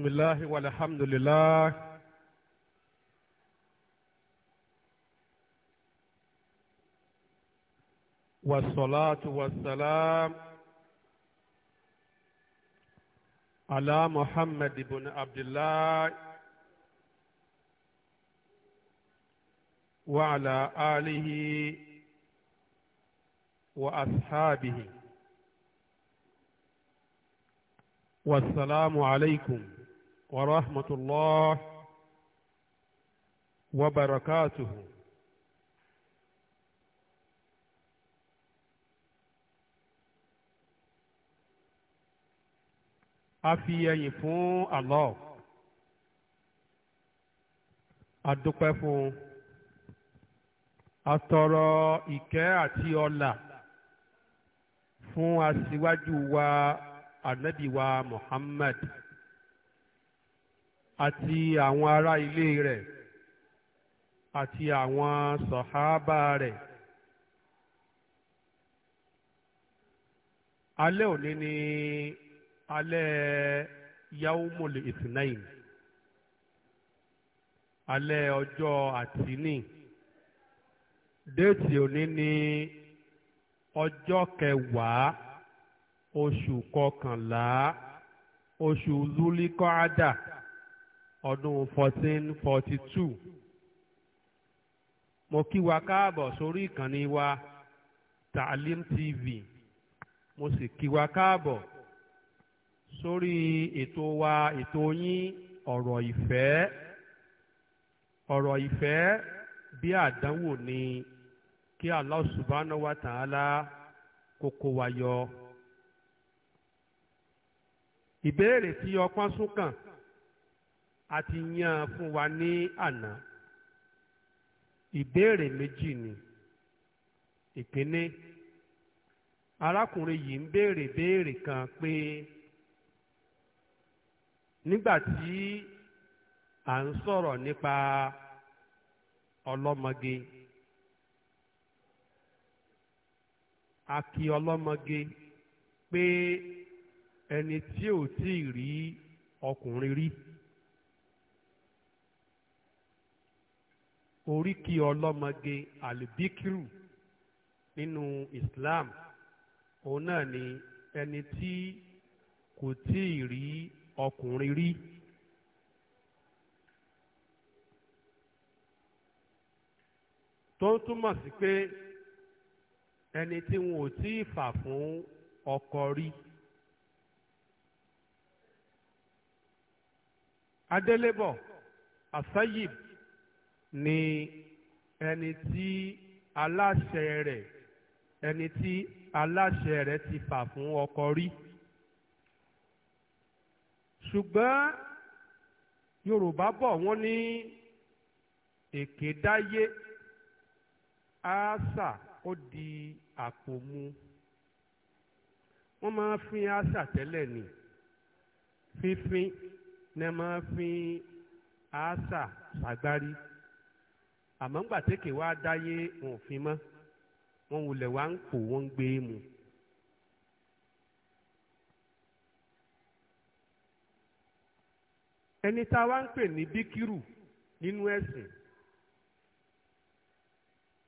بسم الله والحمد لله والصلاة والسلام على محمد بن عبد الله وعلى آله وأصحابه والسلام عليكم ورحمة الله وبركاته afi ẹyìn fún Allah adúpẹ́ fún atọrọ ìkẹ́ àti ọlà fún aṣíwájú wa anabi wa Muhammad àti àwọn ará ilé rẹ̀ àti àwọn sọ̀hábà rẹ̀. alẹ́ òní ni alẹ́ yaumul ithnain alẹ́ ọjọ́ àtìní déètì òní ni ọjọ́ kẹwàá oṣù kọkànlá oṣù lulikọ́ádà ọdún 1442 mo kí wa káàbọ̀ sórí ìkànnì wa Taalim TV mo sì kí wa káàbọ̀ sórí ètò wa ètò yín ọ̀rọ̀ ìfẹ́ ọ̀rọ̀ ìfẹ́ bí àdánwò ni kí Allah subhanahu wa ta'ala kókó wa yọ ìbéèrè tí ọpọ́n sún kàn. a ti yan fún wa ní àná ìbéèrè méjì ni ìpínlẹ̀ arákùnrin yìí ń béèrè béèrè kan pé nígbà tí à ń sọ̀rọ̀ nípa ọlọ́mọge a kí ọlọ́mọge pé ẹni tí ò tíì rí ọkùnrin rí. oríkì ọlọ́mọge alibikiru nínú Islam òun náà ni ẹni tí kò tí ì rí ọkùnrin rí. tó ń túmọ̀ sí pé ẹni tí wọn ò tí ì fà fún ọkọ rí. Adélébọ̀ Asayib ni ẹni tí aláṣẹ rẹ̀ ẹni tí aláṣẹ rẹ̀ ti fà fún ọkọ rí ṣùgbọ́n Yorùbá bọ̀ wọ́n ní èké dáyé àṣà ó di àpò mu wọ́n máa ń àṣà tẹ́lẹ̀ ni fífín ni wọ́n máa ń àṣà ṣàgbárí àmọ́ ńgbà tẹ́kẹ̀ wá dáyé wọn ò fi mọ́ wọn ò lẹ̀ wá ń pò wọ́n ń gbé e mu. ẹni tá a wá ń pè ní bíkírù nínú ẹ̀sìn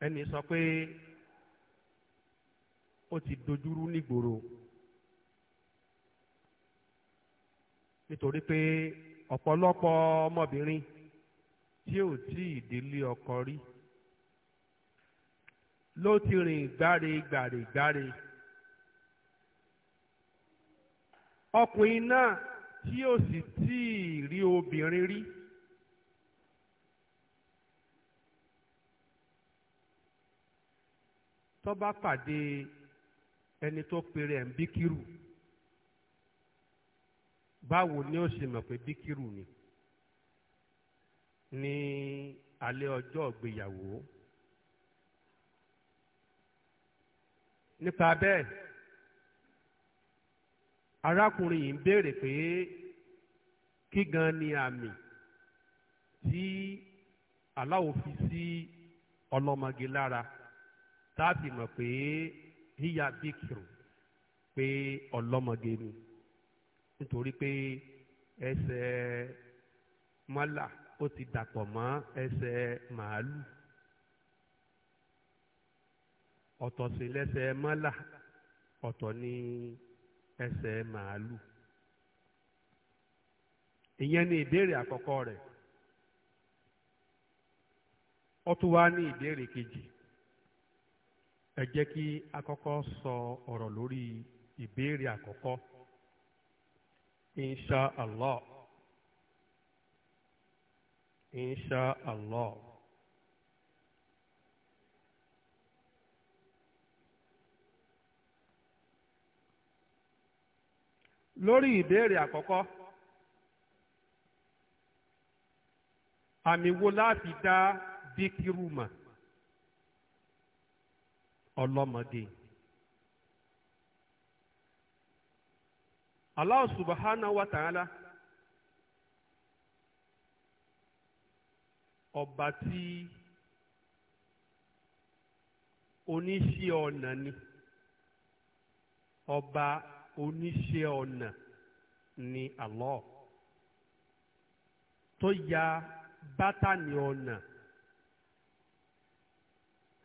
ẹni sọ pé ó ti dojúrú nígboro nítorí pé ọ̀pọ̀lọpọ̀ ọmọbìnrin tí ò tí ì délé ọkọ rí ló ti rìn gbáre gbàre gbáre ọkùnrin náà tí ò sì tí ì rí obìnrin rí. tó bá pàdé ẹni tó pèrè ẹ̀ ń bíkírù báwo ni ó ṣe mọ̀ pé bíkírù ni ní alẹ́ ọjọ́ ìgbéyàwó nípa bẹ́ẹ̀ arákùnrin yìí ń béèrè pé kí gan ni àmì tí aláwo fi sí ọlọ́mọge lára tá a fi mọ̀ pé híya bíkìrù pé ọlọ́mọge ni nítorí pé ẹsẹ̀ mọ́là ó ti dàpọ̀ mọ́ ẹsẹ̀ màálù ọ̀tọ̀ sí lẹ́sẹ̀ mọ́là ọ̀tọ̀ ní ẹsẹ̀ màálù ìyẹn ni ìbéèrè àkọ́kọ́ rẹ̀ ó tún wá ní ìbéèrè kejì ẹ jẹ́ kí akọ́kọ́ sọ ọ̀rọ̀ lórí ìbéèrè àkọ́kọ́ insha allah. insha allah. lórí ìbéèrè àkọ́kọ́ àmì wo láti dá díkírù mọ̀ ọlọ́mọdé. Allah subhanahu wa ta'ala. ọba tí oníṣẹ́ ọ̀nà ni ọba oníṣẹ́ ọnà ni Allah tó ya bátànì ọ̀nà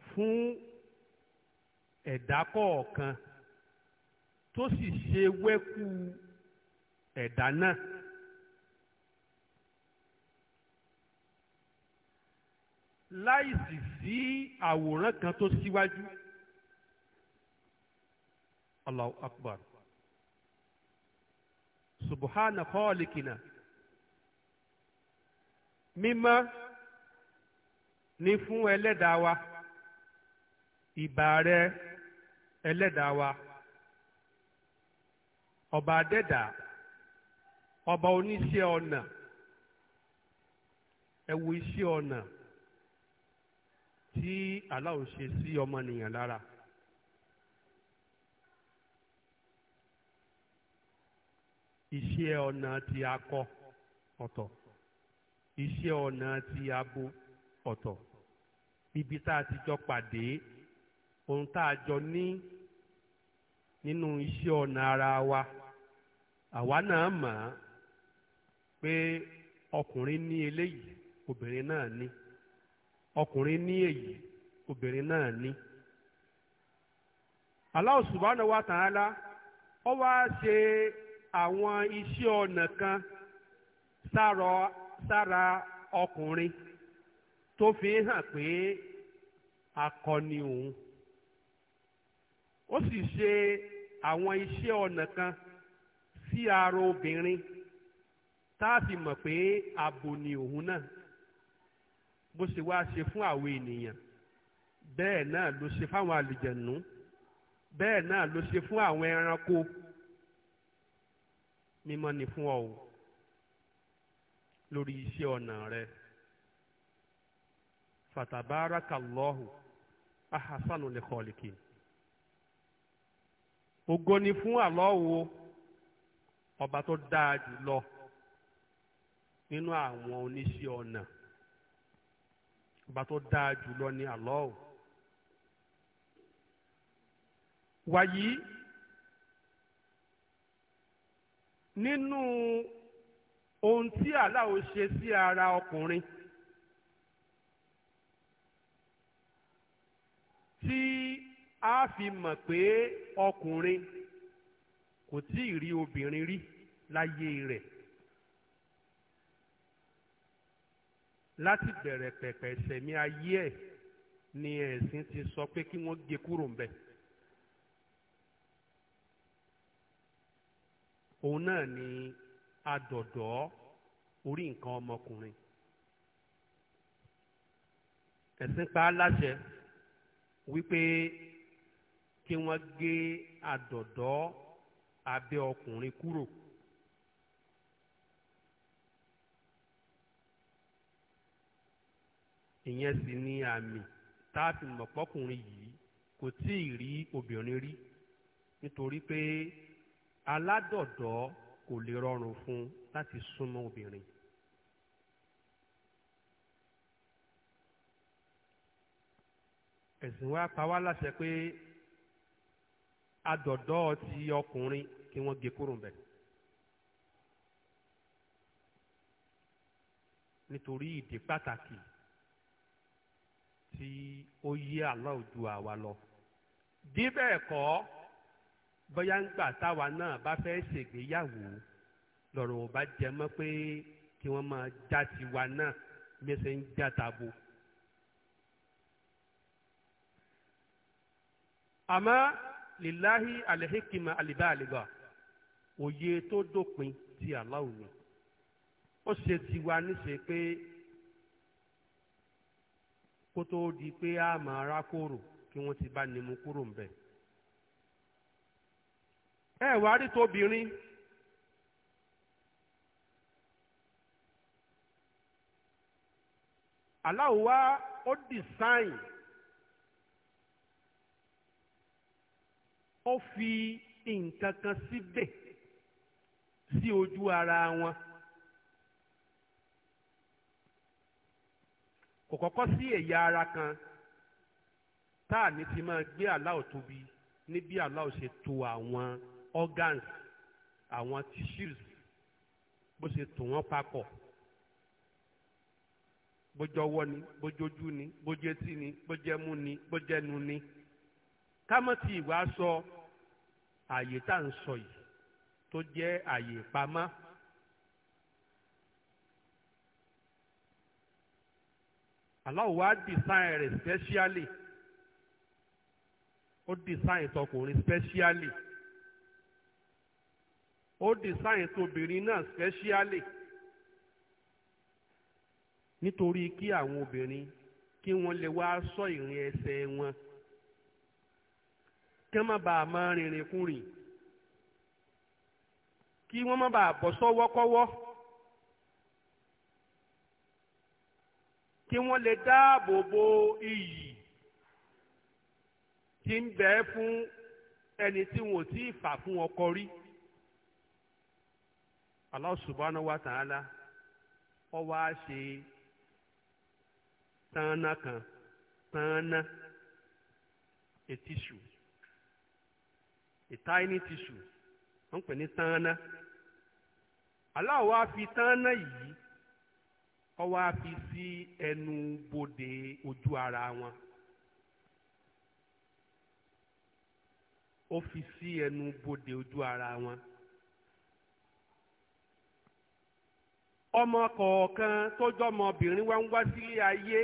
fún ẹ̀dá kọ̀ọ̀kan tó sì ṣe wẹ́kú ẹ̀dá náà. láìsí sí àwòrán kan tó síwájú Allahu akbar subhana khaliqina mímọ́ ni fún ẹlẹ́dàá wa ìbà rẹ ẹlẹ́dàá ọba adẹ́dàá ọba oníṣẹ́ ọnà ẹ iṣẹ́ ọnà tí aláwo ṣe sí ọmọnìyàn lára. iṣẹ́ ọ̀nà ti akọ ọ̀tọ̀ iṣẹ́ ọ̀nà ti abo ọ̀tọ̀ ibi tá a ti jọ pàdé ohun tá a jọ ní nínú iṣẹ́ ọ̀nà ara wa àwa náà mọ̀ pé ọkùnrin ní eléyìí obìnrin náà ní. ọkùnrin ní èyí obìnrin náà ní. Allah subhanahu wa ta'ala ó wá ṣe àwọn iṣẹ́ ọnà kan sára ọkùnrin tó fi hàn pé akọni òun ó sì ṣe àwọn iṣẹ́ ọnà kan sí ara obìnrin tá a sì mọ̀ pé abo ni òun náà bó ṣe wá ṣe fún àwọn ènìyàn bẹ́ẹ̀ náà ló ṣe fáwọn àlùjẹ̀nú bẹ́ẹ̀ náà ló ṣe fún àwọn ẹranko mímọ́ ni fún ọ o lórí iṣẹ́ ọ̀nà rẹ fatabarakallahu ahasanu lẹ́kọ̀ọ́lìkì ògo ni fún àlọ́wọ́ ọba tó dáa jù lọ nínú àwọn oníṣẹ́ ọ̀nà ọba tó dáa jùlọ ni Allah wàyí nínú ohun tí Allah ṣe sí ara ọkùnrin tí a fi mọ̀ pé ọkùnrin kò tí ì rí obìnrin rí láyé rẹ̀. láti bẹ̀rẹ̀ pẹ̀pẹ̀ sẹ̀mí ayé ẹ̀ ni ẹ̀sìn ti sọ pé kí wọ́n gé kúrò ń bẹ̀. òun náà ni adọ̀dọ̀ orí nǹkan ọmọkùnrin ẹ̀sìn pa á láṣẹ wípé kí wọ́n gé adọ̀dọ̀ abẹ́ ọkùnrin kúrò. ìyẹn sì ni àmì tá a fi mọ̀ pọ́kùnrin yìí kò tí ì rí obìnrin rí nítorí pé aládọ̀dọ̀ kò lè rọrùn fún un láti súnmọ́ obìnrin. ẹ̀sìn wa pa wá láṣẹ pé adọ̀dọ̀ ti ọkùnrin kí wọ́n gé kúrò mbẹ̀. nítorí ìdí pàtàkì tí ó yé Allah ju àwa lọ. bí bẹ́ẹ̀ kọ́ bóyá ń gbà táwa náà bá fẹ́ ṣègbéyàwó lọ́rọ̀ ò bá jẹ mọ́ pé kí wọ́n máa já tiwa náà bí ẹ ṣe ń já tabo. àmọ́ lìláhi àlẹ́hìkìmọ̀ òye ti ni kó tó di pé a máa rá kóró kí wọ́n ti bá nimu kúrò ń bẹ̀. ẹ wá rí tóbìnrin aláwo wá ó dìsáìn ó fi nǹkan kan síbẹ̀ sí ojú ara wọn. kò kọ́kọ́ sí ẹ̀yà ara kan tá à ní ti máa gbé aláwọ̀ tóbi ní bí aláwọ̀ ṣe tò àwọn organs àwọn tissues bó ṣe tò wọ́n papọ̀ bójú ọwọ́ ni bójú ojú ni bójú etí ni bójú ẹmú ni bójú ẹnu ni ká ìwà sọ àyè tá à ń sọ yìí tó jẹ́ àyè pamọ́. Allah wá design rẹ̀ specially ó design tọkùnrin specially ó design tobìnrin náà specially nítorí kí àwọn obìnrin kí wọ́n lè wá sọ ìrìn ẹsẹ̀ wọn kí wọ́n má bàa máa rìnrìn kúrìn kí wọ́n má bàa bọ́ sọ́wọ́kọ́wọ́. So kí wọ́n lè dáàbò bo iyì tí ń bẹ fún ẹni tí wọn ò fà fún ọkọ rí Allah subhanahu wa ta'ala ó wá ṣe tánná kan tánná a tissue a tiny tissue wọ́n pè ní tánná Allah wá fi tánná yìí ó wá fi sí ẹnu bodè ojú ara wọn ó fi sí ẹnu bodè ojú ara wọn. ọmọ kọ̀ọ̀kan tó jọmọbìnrin wa ń wá sílé ayé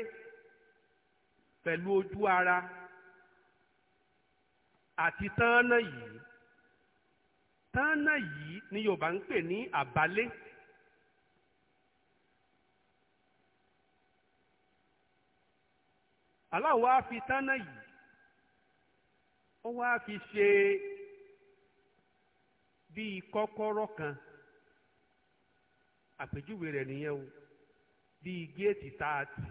pẹ̀lú ojú ara àti tánná yìí tánná yìí ni Yorùbá ń pè ní àbálé. Allah wá fi tánà yìí ó wá fi ṣe bíi kọ́kọ́rọ́ kan àpèjúwe rẹ̀ nìyẹn o bíi géètì táàtì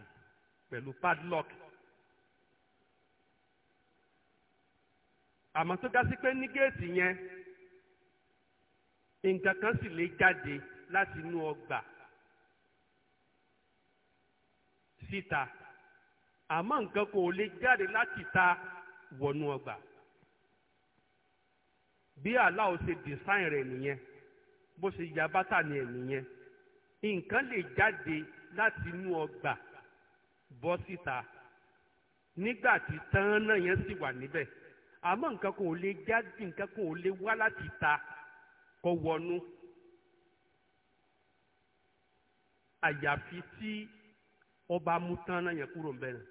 pẹ̀lú padlock àmọ́ tó dásí pé ní géètì yẹn nǹkan kan sì lè jáde láti inú ọgbà síta àmọ́ nǹkan kò lè jáde láti ta wọnú ọgbà bí aláwo ṣe design rẹ̀ nìyẹn bó ṣe ya bàtà ni ẹ̀ nìyẹn nǹkan lè jáde láti inú ọgbà bọ́ síta nígbà tí tán náà yẹn sì wà níbẹ̀ àmọ́ nǹkan kò lè jáde nǹkan kò lè wá láti ta kó wọnú àyàfi tí ọba mú tán náà yẹn kúrò ń bẹ̀rẹ̀.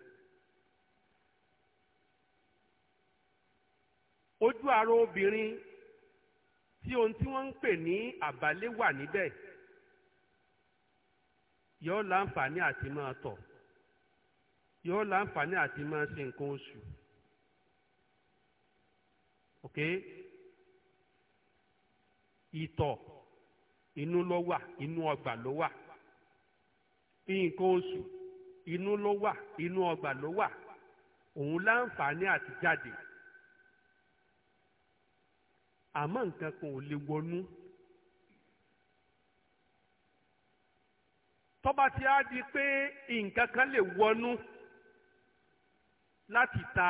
ojú ara obìnrin tí ohun tí wọ́n ń pè ní àbálé wà níbẹ̀ yóò láǹfààní àti máa tọ̀ yóò láǹfààní àti máa ṣe nǹkan oṣù ok ìtọ̀ inú ló wà inú ọgbà ló wà nǹkan oṣù inú ló wà inú ọgbà ló wà òun láǹfààní àti jáde àmọ́ nǹkan kan ò lè wọnú. tọ́ba ti á di pé nǹkan kan lè wọnú láti ta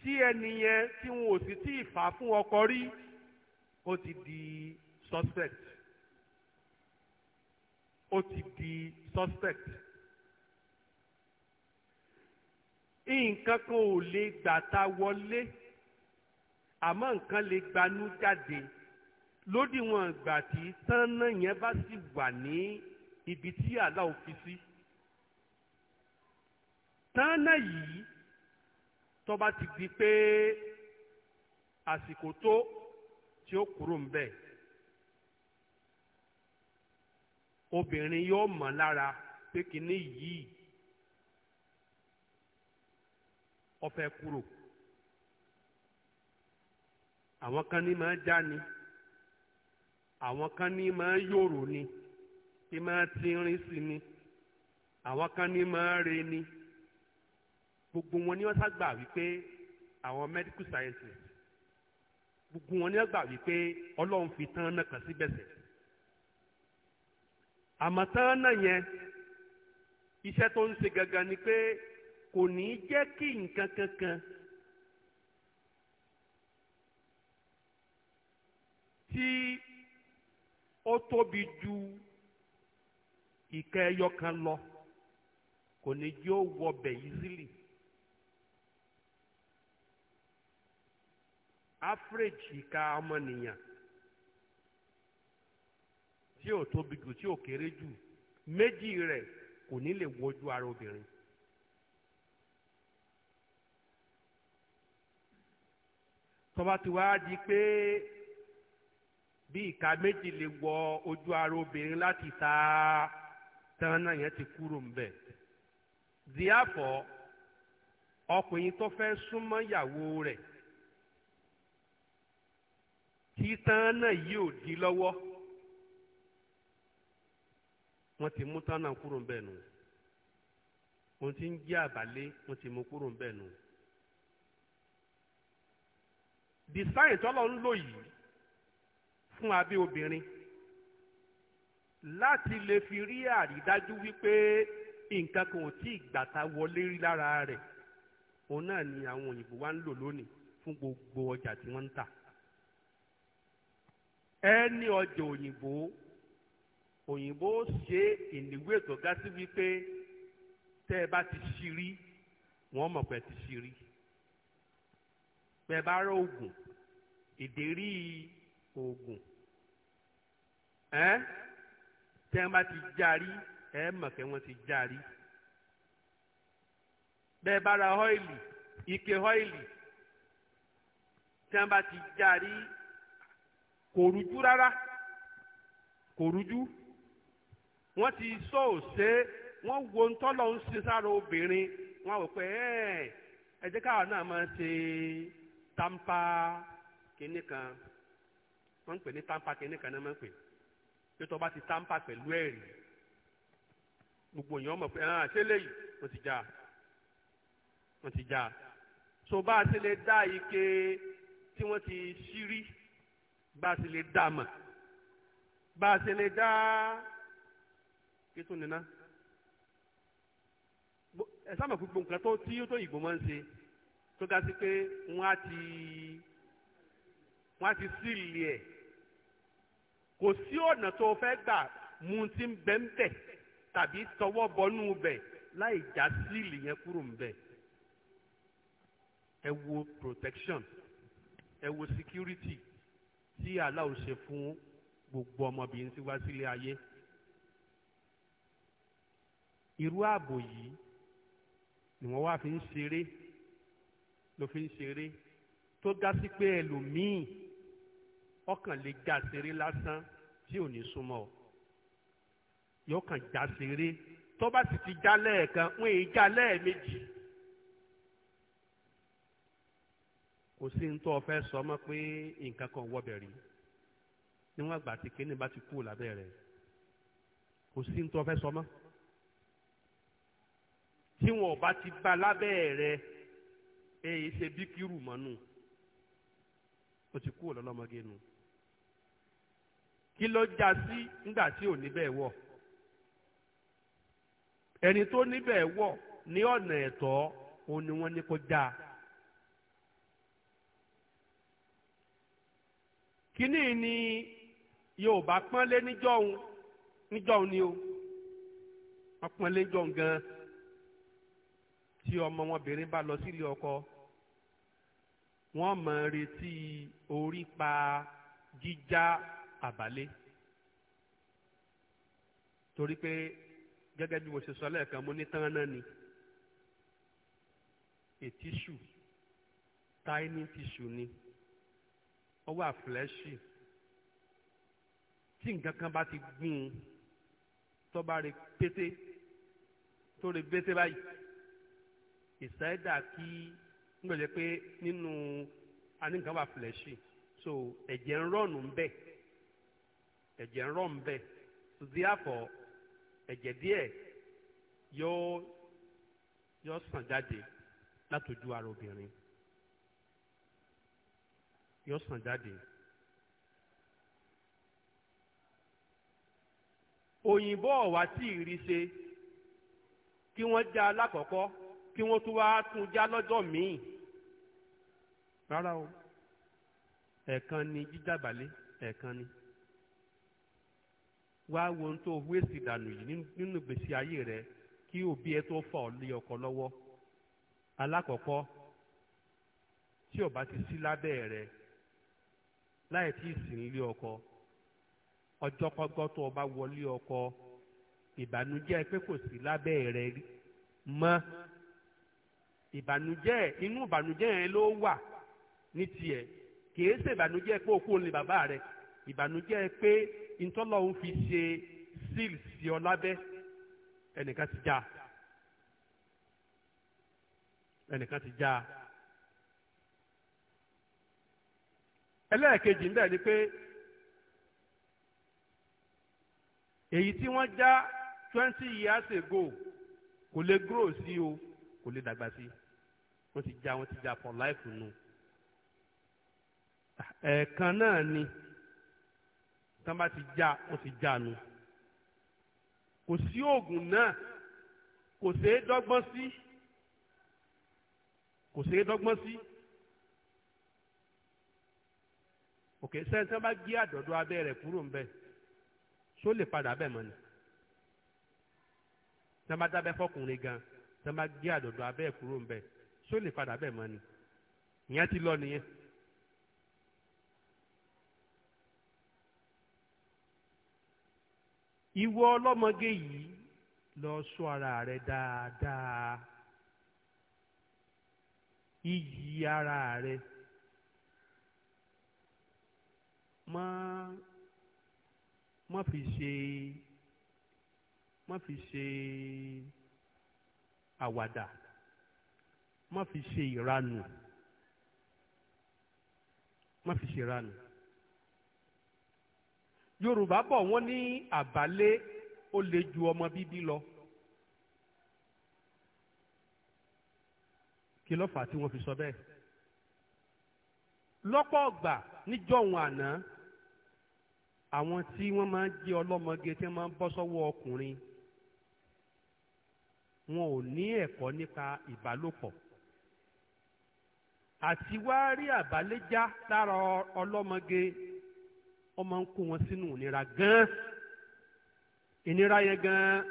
tí ẹni yẹn tí wọn ò sì tí ì fà fún ọkọ rí ó ti di suspect ó ti di suspect nǹkan kan ò lè gbàtà wọlé àmọ́ nǹkan lè gbanú jáde lódiwọ̀n ìgbà tí tánná yẹn bá sì wà ní ibi tí àlá ò fi sí. tánná yìí tó bá ti di pé àsìkò tó tí ó kúrò ń bẹ̀ obìnrin yóò mọ̀ lára pé kínní yìí ó kúrò àwọn kan ní máa já ni àwọn kan ní máa yòrò ni tí máa tínrín sí ni àwọn kan ní máa re ni gbogbo wọn ni wọ́n ságbà wípé àwọn medical sciences gbogbo wọn ni wọ́n gbà wípé ọlọ́run fi tán náà kàn síbẹ̀sẹ̀ àmọ́ tán náà yẹn iṣẹ́ tó ń ṣe gangan ni pé kò ní jẹ́ kí nǹkan kankan. tí ó tóbi ju ìkẹ́ ẹyọ kan lọ kò ní jí ó wọ ọbẹ̀ yìí sílì. average ìka ọmọnìyàn tí ò tóbi jù tí ò kéré jù méjì rẹ̀ kò ní lè wojú ara obìnrin. tọ́ba ti wá di pé. bí ìka méjì lè wọ ojú ara obìnrin láti ta tán náà yẹn ti kúrò bẹ̀ díàfọ ọkùnrin tó fẹ́ súnmọ́ ìyàwó rẹ̀ tí tán náà yìí ò di lọ́wọ́ wọ́n ti mú tán náà kúrò ńbẹ̀ nù wọ́n ti ń jẹ́ àbálé wọ́n ti mú kúrò ńbẹ̀ nù. the tọ́lọ́ ń lò yìí fún abẹ́ obìnrin láti lè fi rí àrídájú wípé nǹkan kan ò tí ì gbàtà wọlé rí lára rẹ̀ òun náà ni àwọn òyìnbó wa ń lò lónìí fún gbogbo ọjà tí wọ́n ń tà ẹni ọjà òyìnbó òyìnbó ṣe ìníwé tó ga sí wípé tẹ́ ẹ bá ti ṣí rí wọ́n mọ̀ pé ti ṣí rí bẹ́ẹ̀ bá rọ oògùn ìdérí oògùn ẹ tí wọn bá ti járí ẹ mọ̀ pé wọ́n ti járí bẹ́ẹ̀ bá ra ọ́ìlì ike ọ́ìlì tí wọn bá ti járí kò rújú rárá kò rújú wọ́n ti sọ òṣè wọ́n wo ntọ́lọ́ ń sin sára obìnrin wọ́n wò pé ẹ jẹ́ káwọn náà máa ṣe tampa kínní kan wọ́n ń pè ní tampa kìíní kan náà máa ń pè pé tó bá ti tampa pẹ̀lú ẹ̀rí gbogbo èèyàn mọ̀ pé ẹ̀hán ah, ṣé léyìí wọ́n ti já wọ́n ti já so bá a ṣe lè dá ike tí wọ́n ti ṣírí bá a ṣe lè dá mọ̀ bá a ṣe lè dá kí tó nínà ẹ sábà gbogbo nǹkan tó tí tó ìgbò máa ń ṣe tó ga sí pé wọ́n á ti wọ́n á ti sílì ẹ̀ kò sí ọ̀nà tó fẹ́ gbà mu ti ń bẹ́ ń bẹ̀ tàbí tọwọ́ bọnú bẹ̀ láì já síìlì yẹn kúrò ń bẹ̀. ẹ wo protection ẹ wo security tí aláwo ṣe fún gbogbo ọmọbìnrin tí wá sílé ayé. irú ààbò yìí ni wọ́n wá fi ń ṣeré ló fi ń ṣeré tó dá sí pé ẹlòmíì ọkàn lè já seré lásán tí ò ní súnmọ́ ọ yóò kàn já seré tó bá sì ti já lẹ́ẹ̀kan wọ́n èyí já lẹ́ẹ̀mejì kò sí ní tó o fẹ́ sọ mọ́ pé nǹkan kan wọ́bẹ̀ rí níwọ̀n àgbà tí kíní bá ti kú lábẹ́ rẹ̀ kò sí ní tó o fẹ́ sọ mọ́ tí wọn ò bá ti bá lábẹ́ rẹ̀ èyí ṣe bí kírù mọ́nù o ti kú lọ́lọ́mọge nù. No kí ló já sí nígbà tí ò níbẹ̀ wọ̀ ẹni tó níbẹ̀ wọ̀ ní ọ̀nà ẹ̀tọ́ òun ni wọ́n ní kó já kínní ni Yorùbá pọ́nlé níjọ́hun níjọ́hun ni o wọ́n pọ́nlé níjọ́hun gan-an tí ọmọ wọn obìnrin bá lọ sílé ọkọ wọ́n máa retí orí pa jíjá àbálé torí pé gẹ́gẹ́ bí mo ṣe sọ lẹ́ẹ̀kan mo ní tán náà ni ètíṣù tiny tissue ni ó wà fleshy tí nǹkan kan bá ti gún un tó bá rẹ pété tó rẹ pété báyìí ìsáyédà kí ń gbèlè pé nínú anìkan wà fleshy so ẹ̀jẹ̀ ń rọ̀nù ń bẹ́ẹ̀ ẹ̀jẹ̀ ń rọ̀ ń bẹ̀ díàpọ̀ ẹ̀jẹ̀ díẹ̀ yóò yóò sàn jáde látòjú ara obìnrin yóò sàn jáde. òyìnbó ọ̀wá tí ì ṣe kí wọ́n já alákọ̀ọ́kọ́ kí wọ́n tún wáá tún já lọ́jọ́ míì rárá o ẹ̀ẹ̀kan ni jíjàbálé ẹ̀ẹ̀kan ni wá wo ohun tó wéèsì ìdànù yìí nínú ìgbésí ayé rẹ kí òbí ẹ tó fà ọ lé ọkọ lọ́wọ́ alákọ̀ọ́kọ́ tí ó bá ti sí lábẹ́ rẹ láì tí ì sì ń lé ọkọ ọjọ́ kọ́gọ́ tó o bá wọlé ọkọ ìbànújẹ́ pé kò sí lábẹ́ rẹ mọ́ ìbànújẹ́ inú ìbànújẹ́ yẹn ló wà ní tiẹ̀ kìí ṣe ìbànújẹ́ pé òkú òun bàbá rẹ ìbànújẹ́ pé ntọ́lọ́hún fi ṣe síl sí ọ lábẹ́ ẹnìkan ti já ẹnìkan ti já ẹlẹ́ẹ̀kejì ńbẹ̀ ni pé èyí tí wọ́n já twenty years ago kò lè grow sí o kò lè dàgbà sí wọ́n ti já wọ́n ti já for life nù ẹ̀ẹ̀kan náà ni tán bá ti já wọ́n ti já nu kò sí oògùn náà kò ṣeé dọ́gbọ́n sí kò ṣeé dọ́gbọ́n sí òkè sẹ́ni tán bá gé àdọ̀dọ̀ abẹ́ rẹ̀ kúrò ń bẹ̀ ṣó lè padà bẹ̀ mọ́ ni tán bá dábẹ́ fọkùnrin gan tán bá gé àdọ̀dọ̀ abẹ́ kúrò ń bẹ̀ ṣó lè padà bẹ̀ mọ́ ni ìyẹn ti lọ nìyẹn. ìwọ ọlọ́mọge yìí lọ sọ ara rẹ dáadáa iyì ara rẹ má má fi ṣe má fi ṣe àwàdà má fi ṣe ìranù má fi ṣe ìranù yorùbá bọ̀ wọ́n ní àbálé ó le ju ọmọ bíbí lọ. kí ló fà á tí wọ́n fi sọ bẹ́ẹ̀. lọ́pọ̀ ọ̀gbà níjọ́hun àná àwọn tí wọ́n máa ń jẹ́ ọlọ́mọge tí wọ́n máa ń bọ́ sọ́wọ́ ọkùnrin wọn ò ní ẹ̀kọ́ nípa ìbálòpọ̀ àti wá rí àbálẹ́já lára ọlọ́mọge ó máa ń kó wọn sínú ìnira gan-an ìnira yẹn gan-an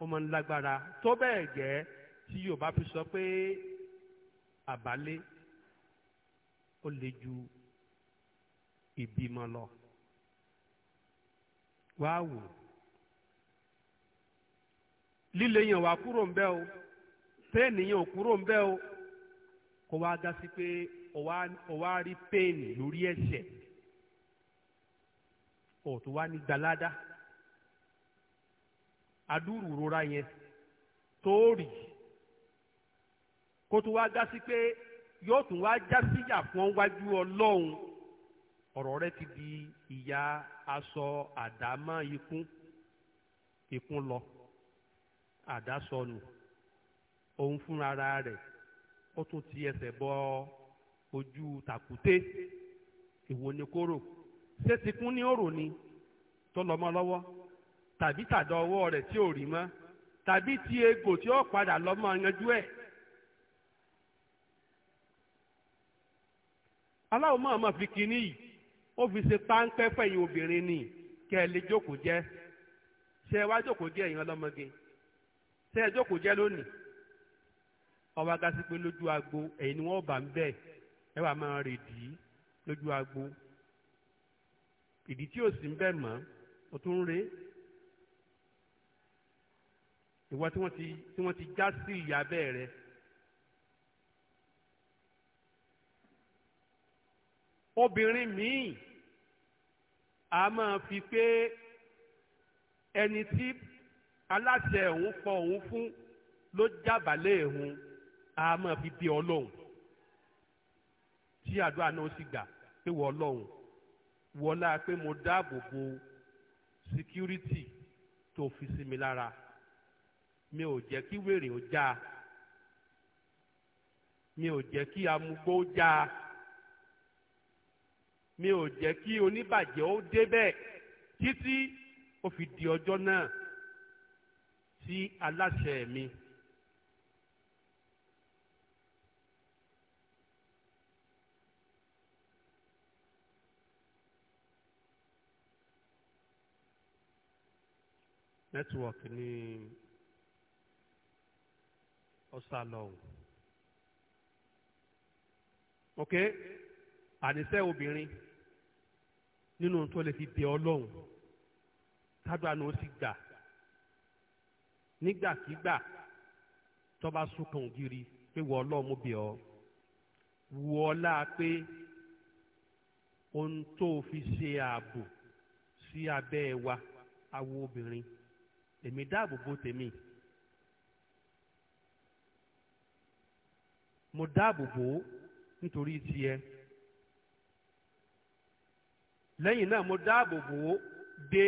ó máa ń lágbára tó bẹ́ẹ̀ gẹ́ tí Yorùbá fi sọ pé àbálé ó le ju ìbímọ lọ wàá wò líle yẹn wà kúrò ń bẹ́ o péènì yẹn ò kúrò ń bẹ́ o kó wá dá sí pé ó wá rí péènì lórí ẹ̀ṣẹ̀ òtún wá ní gbalada adúrú rora yẹn tóórì kó tún wá gá sí pé yóò tún wá já síyà fún ọ wájú ọlọ́run ọ̀rọ̀ rẹ ti di ìyá aṣọ àdámọ́ ikún ikún lọ àdásọnù òun fúnra rẹ̀ ó tún ti ẹsẹ̀ bọ ojú tàkúté ìwọ ni kóró ti tikún ní òrò ni tó lọ mọ́ lọ́wọ́ tàbí tàdá ọwọ́ rẹ̀ tí ò rí mọ́ tàbí ti egbò tí ó padà lọ mọ́ yanjú ẹ̀. aláwo máa ma fi kinní yìí ó fi ṣe páńpẹ́ fẹ̀yìn obìnrin ni kẹ́ ẹ lè ṣe ẹ wá jókòó jẹ́ ọlọ́mọge agbo ni wọ́n bá ń bẹ̀ ẹ wà agbo ìdí tí ò sí ń bẹ̀ mọ́ ó tún rèé ìwọ tí wọ́n ti tí wọ́n ti já sí ìyá bẹ́ẹ̀ rẹ. obìnrin míì a máa fi pé ẹni tí aláṣẹ òun fọ òun fún ló jábàálẹ̀ òun a máa fi bí ọlọ́run tí àdúrà náà sì gbà pé wọ́n ọlọ́run wọlá pé mo dáàbò bo síkírítì tó fi sí mi lára mi ò jẹ́ kí wèrè ó já a mi ò jẹ́ kí amugbó ó já mi ò jẹ́ kí oníbàjẹ́ ó débẹ̀ títí ó fi di ọjọ́ náà tí aláṣẹ mi. Network ní ọ̀sálọ̀hùn ok àníṣe obìnrin nínú tó lè fi bẹ ọlọ́hùn tágbà ni ó sì gbà nígbàkigbà tó bá súnkàn ògiri pé wọ ọlọ́hùn mo bẹ ọ wù ọ láà pé ohun tó fi ṣe ààbò sí abẹ́ ẹ wa awo obìnrin èmi dáàbò bo tèmi mo dáàbò bò ó nítorí tiẹ̀ lẹ́yìn náà mo dáàbò bò ó de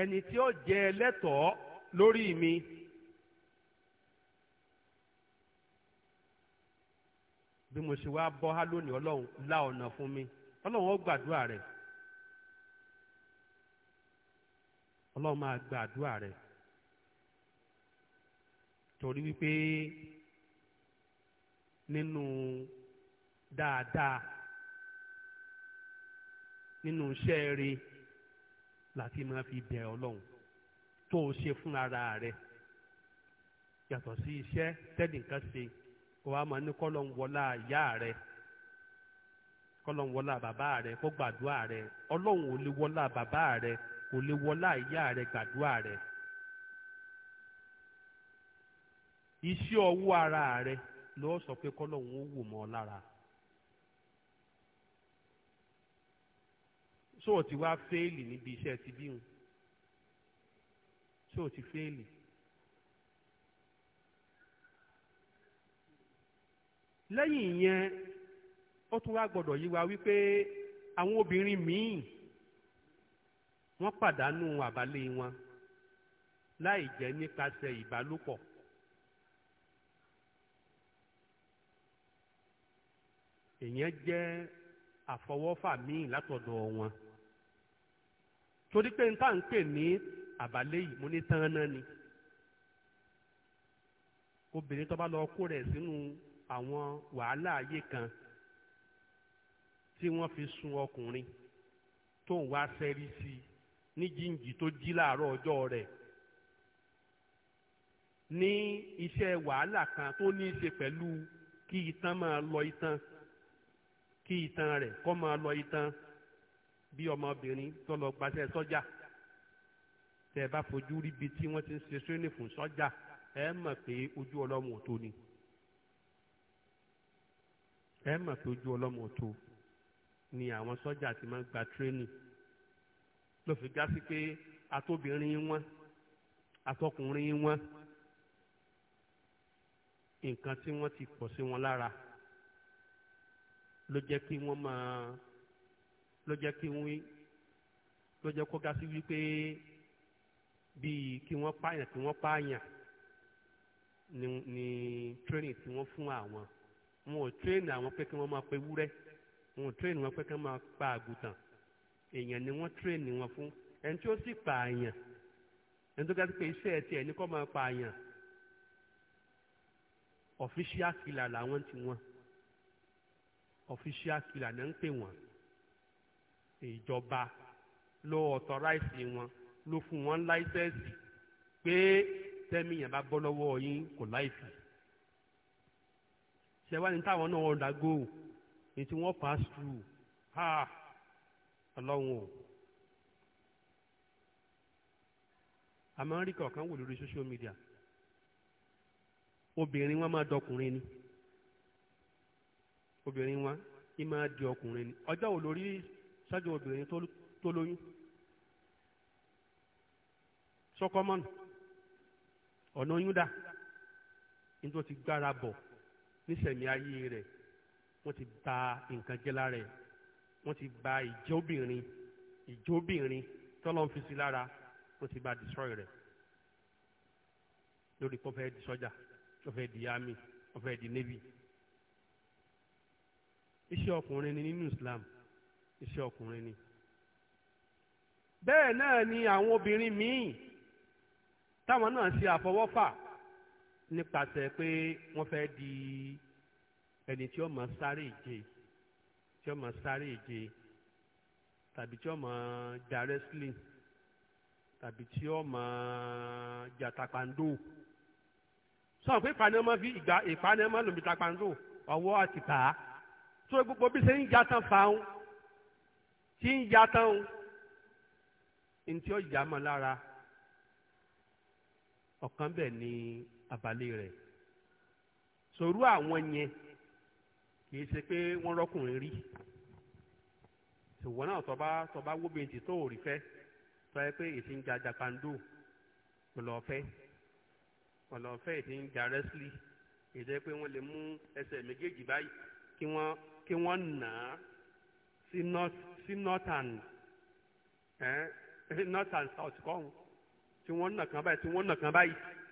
ẹni tí ó jẹ ẹlẹ́tọ̀ọ́ lórí mi. bí mo ṣe wá bọ́ ha ọlọ́run la ọ̀nà fún mi ọlọ́run ó gbàdúrà rẹ̀. ọlọ́run máa gba àdúrà rẹ torí wípé nínú dáadáa nínú iṣẹ́ rẹ láti máa fi bẹ ọlọ́run tó o ṣe fún ara rẹ yàtọ̀ sí iṣẹ́ tẹ́nìkan ṣe kó wàá máa ní kọ́lọ́n wọlá ìyá rẹ kọ́lọ́n wọlá bàbá rẹ kó gbàdúrà rẹ ọlọ́run ò lè wọlá bàbá rẹ kò lè wọlá ìyá rẹ gbàdúrà rẹ iṣẹ́ ọwọ́ ara rẹ ló sọ pé kọ́lọ́hún ó wò mọ́ ọ lára ṣé o ti wá fẹ́ẹ̀lì níbi iṣẹ́ ti bí wọn ṣé o ti fẹ́ẹ̀lì lẹ́yìn ìyẹn ó tún wá gbọ́dọ̀ yí wa wípé àwọn obìnrin míì wọ́n pàdánù àbálé wọn láì jẹ́ nípasẹ̀ ìbálòpọ̀. èèyàn jẹ́ àfọwọ́fà míì látọ̀dọ̀ wọn torí pé n tá à pè ní àbálé yìí mo ní tán náà ni obìnrin tó bá lọ kó rẹ̀ sínú àwọn wàhálà ayé kan tí wọ́n fi sun ọkùnrin tó ń wá sẹ́rí sí i ní jíǹjì tó jí láàárọ̀ ọjọ́ rẹ̀ ní iṣẹ́ wàhálà kan tó ní í ṣe pẹ̀lú kí itan máa lọ itan kí itan rẹ̀ kọ́ máa lọ itan bí ọmọbìnrin tó lọ gbaṣẹ́ sọ́jà tẹ́ ẹ bá fojú rí ibi tí wọ́n ti ń ṣe sóní fún sọ́jà ẹ mọ̀ pé ojú ọlọ́run ò ni ẹ mọ̀ pé ojú ọlọ́run ò ni àwọn sọ́jà ti máa ń gba tírénì ló fi já sí pé atóbìnrin wọn atọkùnrin wọn nǹkan tí wọ́n ti pọ̀ sí wọn lára ló jẹ́ kí wọ́n máa ló jẹ́ kí wọ́n ló jẹ́ kó ga sí wípé bíi kí wọ́n pààyàn kí wọ́n pààyàn ni ni training tí wọ́n fún àwọn wọn ò train àwọn pé kí wọ́n máa pe wúrẹ́ wọn ò train wọn pé kí wọ́n máa pa àgùntàn èèyàn ni wọ́n tírèèni wọn fún ẹni tí ó sì pààyàn ẹni tó gẹ́gẹ́ pé iṣẹ́ tiẹ̀ ní kọ́ máa pààyàn ọ̀fíṣíà kìlà làwọn ti wọn ọ̀fíṣíà kìlà náà ń pè wọ́n ìjọba ló ọ̀tọ̀ráìsì wọn ló fún wọn láìsẹ́ẹ̀sì pé tẹ́míyàn bá bọ́ lọ́wọ́ yín kò láìsí ṣẹ̀wá ní táwọn náà ọ̀dà góò ní tí wọ́n pass through. Ha. ọlọ́run o a máa ń rí kọ̀ọ̀kan wò lórí social media obìnrin wọn máa dọkùnrin ni obìnrin wọn ní máa di ọkùnrin ni ọjọ́ wo lórí ṣáájú obìnrin tó lóyún sọkọmọ́nù ọ̀nà oyún ní tó ti gbára bọ̀ nísẹ̀mí ayé rẹ̀ wọ́n ti bà nǹkan jẹ́ lára wọ́n ti ba ìjọ́bìnrin ìjọ́bìnrin tọ́lọ́ ń fi sí lára wọ́n ti ba destroy rẹ̀ lórí kó fẹ́ di sọ́jà kó fẹ́ di army kó fẹ́ di navy. iṣẹ́ ọkùnrin ni nínú Islam iṣẹ́ ọkùnrin ni. bẹ́ẹ̀ náà ni àwọn obìnrin míì táwọn náà ṣe àfọwọ́fà nípasẹ̀ pé wọ́n fẹ́ di ẹni tí ó máa sáré ìje tí ó máa sáré ìje tàbí tí ó máa ja wrestling tàbí tí ó máa ja taekwondo sọ pé ìpanimọ́ fi ìgbà ìpanimọ́ lòmí taekwondo ọwọ́ àti tàá tó gbogbo bí ṣe ń ja tán fáwọn tí ń ja tán ntí ó yà mọ́ lára ọ̀kan bẹ̀ ni àbálẹ̀ rẹ̀ sòrú àwọn yẹn kì í ṣe pé wọ́n rọ́kùnrin rí ṣùgbọ́n náà tọ́ba tọ́ba wóbìnrin tí tó rí fẹ́ tọ́ ẹ pé èsì ń ja jakando ọlọ́ọ̀fẹ́ ọlọ́ọ̀fẹ́ èsì ń ja rẹ́sílì èsì pé wọ́n lè mú ẹsẹ̀ méjèèjì báyìí kí wọ́n kí wọ́n nà á sí north sí north and eh, north and south kọ́hún tí wọ́n nà kan báyìí tí wọ́n nà kan báyìí.